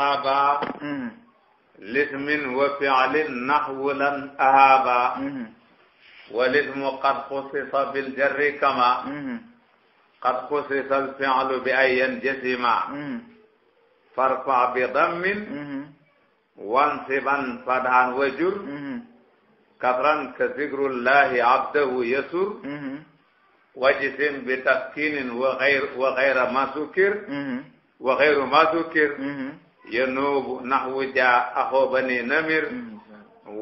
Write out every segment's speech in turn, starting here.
ahaaba lismin wa fi'lin nahwulan ahaaba wa lismu qad xusisa bil jarri kama qad xusisa al fi'lu bi ayyan jasima farfa bi dammin wansiban fadhan wajur kasran ka zikrullahi abdahu yasur wajisim bi taskinin wa gayra ma sukir wa gayru ma sukir yanuubu naxwu jaa axoo bani namir mm,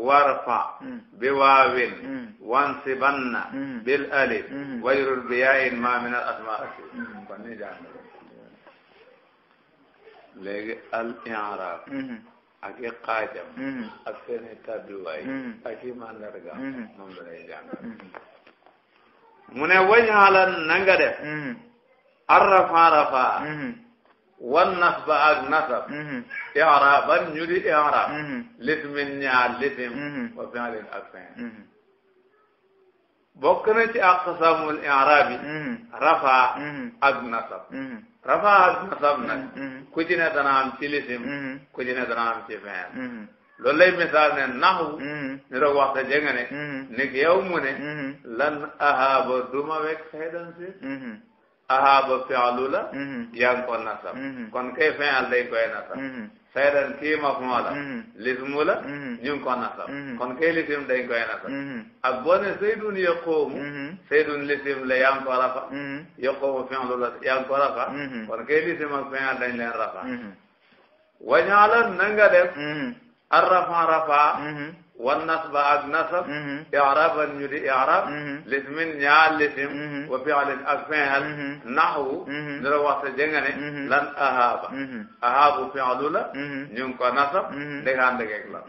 warfa mm. bi waawin mm. wansibanna bil alif wayrul bi yaayin ma min al asmaa léegi al i'raab ak i qaajam ak seeni tàbbiwaay ak i màndarga moom la lay mu ne wañaalan na nga def arrafa rafa wan nas ak nasab mhm. iraban ñu di irab mhm. lismin ñaar lisim mhm. wa fi'lin ak fi'l bokk na ci aqsamul irabi rafa ak nasab rafa ak nasab nag ku ci ne dana am ci lisim ku ci ne dana am ci fi'l loolu lay ne naxu ñu doog waxta jënga ne ni yow mu ne lan ahaba duma wek xeydan si ahaba fi'lu la yaa ngi ko nasab kon kay fi'l dañ koy nasab saydan kii mafmoo la lismu la ñu ko nasab kon kay lisim dañ koy nasab ak boo ne saydun yaquumu saydun lisim la yaa ngi ko rafa yaquumu fi'lu la yaa ko rafa kon kay lisim ak fi'l dañ leen rafa wañaala na nga def ar rafa rafa wan nasba ak nasab iraban ñu di irab lismin ñaar lisim wa fi'lin ak fi'l naxwu ñu la waxta jëngane lan ahaba ahabu fi'lu la ñu ngi ko nasab ndega ndegeg la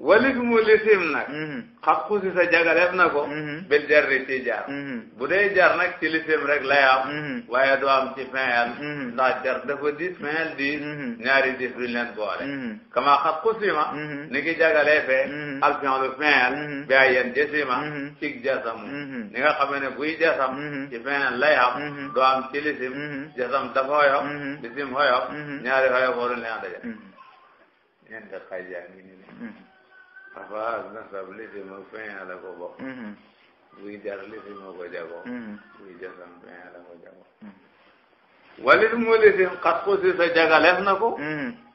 walit mu lisim nag mhm. xaqu si sa jagalef na ko mhm. bil jarri ci jar mhm. bu dee jar nag ci lisim rek lay am waaye doo am ci fenel ndax jar dafa diis fenel diis ñaari diis duñ leen boole kama xaqu sima ni ki jagaleefee al fi'lu fenel bi ayen jisima cig jasam ni nga xamee ne buy jasam ci fenel lay am doo am ci lisim jasam dafa hoyof lisim hoyof ñaari hoyof waruñ leen daje ñeent xaj yaa ngi nii afaas nasab lisim ak fin ala ko bokk mm-hmm. buy jar lisim a ko jago mm-hmm. buy jasam fin ala ko mm-hmm. walit mu lisim xat ku si sa na ko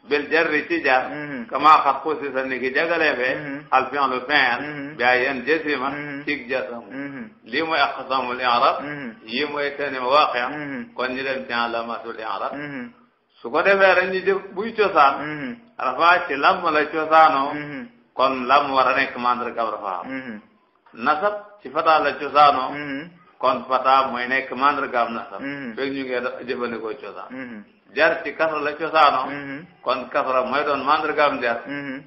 bil jarri ci jar kama xat ku si sa niki jagaleefee al fin lu fin bi ay yan jasima cig jasamu lii mooy aqsamul i'rab yii mooy tani waaqi kon ñu dem ci alamatul i'rab su ko defee rek ñu jëf buy cosaan rafa ci lam la cosaanoo kon la mu war a nekk mandargam mm-hmm. nasab ci fata la cosaanoo mm-hmm. kon fata mooy nekk mandargam nasab mm-hmm. fekk ñu ngi jëfandikoo cosaan jar ci kasra la cosaanoo kon kasra mooy doon mandargam jar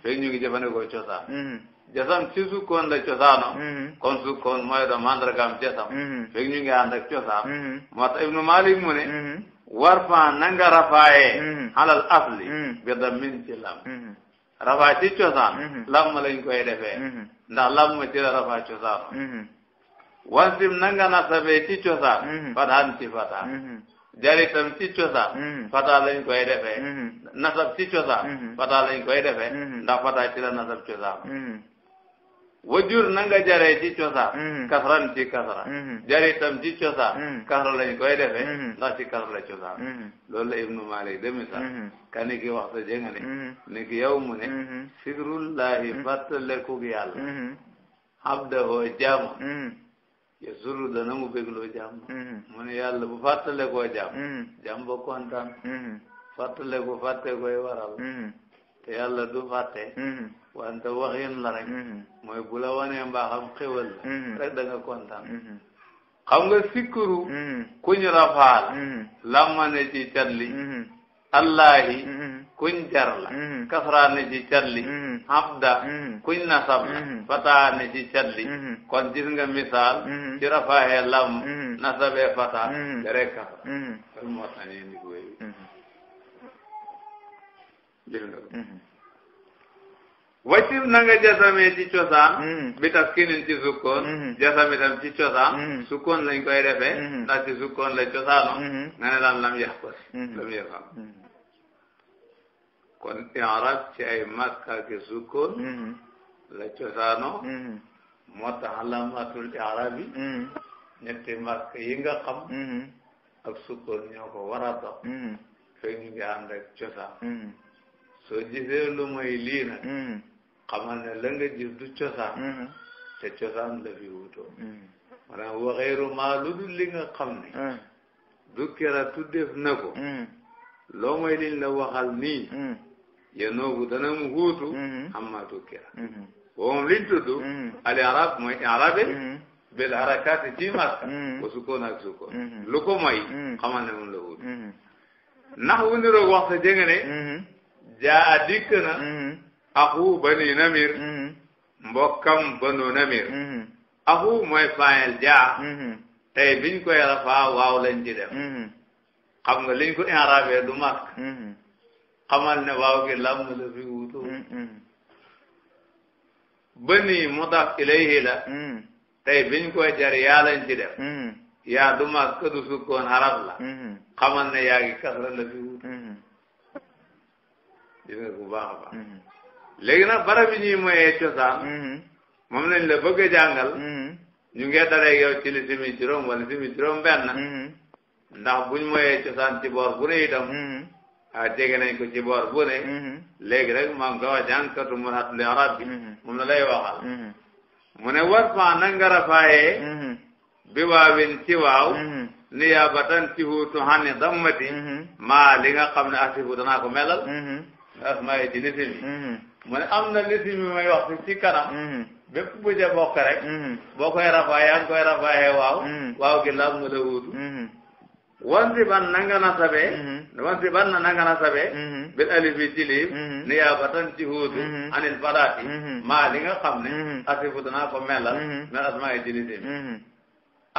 fekk ñu ngi jëfandikoo cosaan jasam ci sukkoon la cosaanoo kon sukkoon mooy doon mandargam jasam fekk ñu ngi cosaan moo ibnu malik mu ne war fa nanga rafaaye halal asli bi damin ci lam rafaa ci cosaan mm-hmm. lam ma lañ koy defee mm-hmm. ndax lam ma ci la rafaa cosaanu mm-hmm. wasim na nga nasabee ci cosaan fataan ci fataan jaritam ci cosaan fataa lañ koy defee nasab ci cosaan fataa lañ koy defe ndax fataa ci la nasab cosaan wajur na nga jaree ci cosa mm-hmm. kasran ci kasra mm-hmm. jari tam ci cosa mm-hmm. kasra lañ koy defee eh? ndax ci kasra la cosa loolu la ibnu malik de misal ka eh? ni ki waxta jënga ne ni ki yow mu ne sikrullahi fàttalekug yàlla abdahoo jaama ya suru dana mu bégloo jaam mu ne yàlla bu fàttalekoo jaam jaam ba kontaan fàttaleku fàtte koy waral te yàlla du fàtte mm-hmm. wante waxin la rek mm-hmm. mooy bu la wanee mbaaxam xéwal la mm-hmm. rek da nga kontaan xam nga sikkuru kuñ rafaal lamma ne ci cat allahi kuñ jar kasra ne ci cat li kuñ nasab la fataa ci cat kon gis nga misaal ci rafaaxee lam nasabee fataa ga rek kasra loolu moo tax dégg nga mm-hmm. wàccil na nga jasamee ci cosaan mm-hmm. bi taskinin ci sukkoon mm-hmm. jasam itam ci cosaan sukkoon lañ koy defee ndax ci sukkoon la cosaano nga ne daan lam yax ko si lam yax xam ci ay makka ki sukkoon la cosaano moo tax alamatul i'rab yi ñetti makka yi nga xam ak sukkoon ñoo ko war a dox fekk ñu ngi cosaan soo gisee lu may lii nag mm-hmm. xamal ne la du cosaan mm-hmm. te cosaan la fi wutoo mm-hmm. maanaam waxeeru maa lu dul li nga xam ne du kera tuddeef na ko loo may liñ la waxal nii yanoobu dana mu huutu amma du kera woom liñ tudd al arab mooy arabe bil harakaati ci maska wa sukkoon ak sukkoon lu ko may xamal ne moom la huutu ndax wu niroog waxta jënga jaa dikk na mm-hmm. axu bani namir mm-hmm. mbokkam banu namir mm-hmm. axu mooy faayel jaa tey biñ koy rafaa waaw lañ ci def xam nga liñ ko inrabee du màkk xamal ne waaw gi lam la fi wuutoo bani mudaf ilayhi la tey biñ koy jar yaa lañ ci def yaa du màkk du sukkoon haraf la xamal ne yaa gi kasra la fi wuutoo gis nga baax a baax mm-hmm. léegi nag barab yi ñuy cosaan mm-hmm. moom lañ la bëgg a jàngal mm-hmm. ñu ngee dalee yow ci li simi juróom wala simi juróom benn ndax buñ moyee cosaan ci boor bu ne itam a ah, jege nañ ko ci boor bu ne léegi rek maam gawa jànkatu bi moom la lay waxal mu war faa na nga rafaayee bi waawin ci waaw niyaabatan ci huutu hani dammati maa li nga xam ne asifu danaa ko melal asmaay ci nisim mm-hmm. yi am na nisim yi may wax ci kanam mm-hmm. bépp bu ca bokk rek mm-hmm. boo koy rafaa yaa koy rafaayee waaw waaw gi laam nga la wuutu wan ban na nga nasabee ban na nga nasabee bil ni yaa batan ci huutu anil fadaati maa li nga xam ne asifu danaa ko melal mel asmaay ci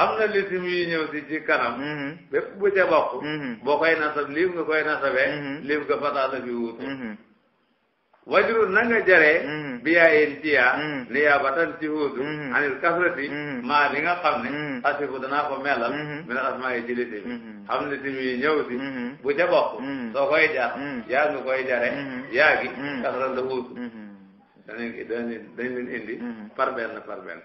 am na lisim yu ñëw si ci kanam. Mm-hmm. bépp bu ca bokk. Mm-hmm. boo koy nasab liim nga koy nasabee. Mm-hmm. liim nga fataata bi wuutu. wajru na nga jaree. biyaa in tiyaa. li yaa batan ci wuutu. anil kasrati. maa nga xam ne. asifu danaa ko melal. min asmaa yi ci lisim. am lisim yu ñëw si. bu ca bokk. soo koy jar. yaa nga koy jaree. yaa gi kasral la wuutu. danañ danañ leen indi. par benn par benn.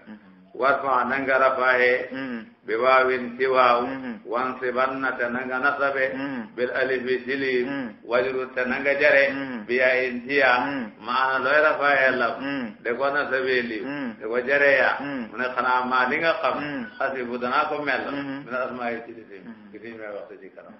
warfa nanga rafahe hmm. bi waawin siwaaw hmm. wansiban na te nanga nasabe hmm. bil alifi silim wajru te nanga jare bi yaayin siya maana looy rafahe lam de ko nasabe liw de ko ya mu xanaa maa li nga xam asibu bu ko mel min asmaa yi ci disim ki diñ may waxtu ci kanam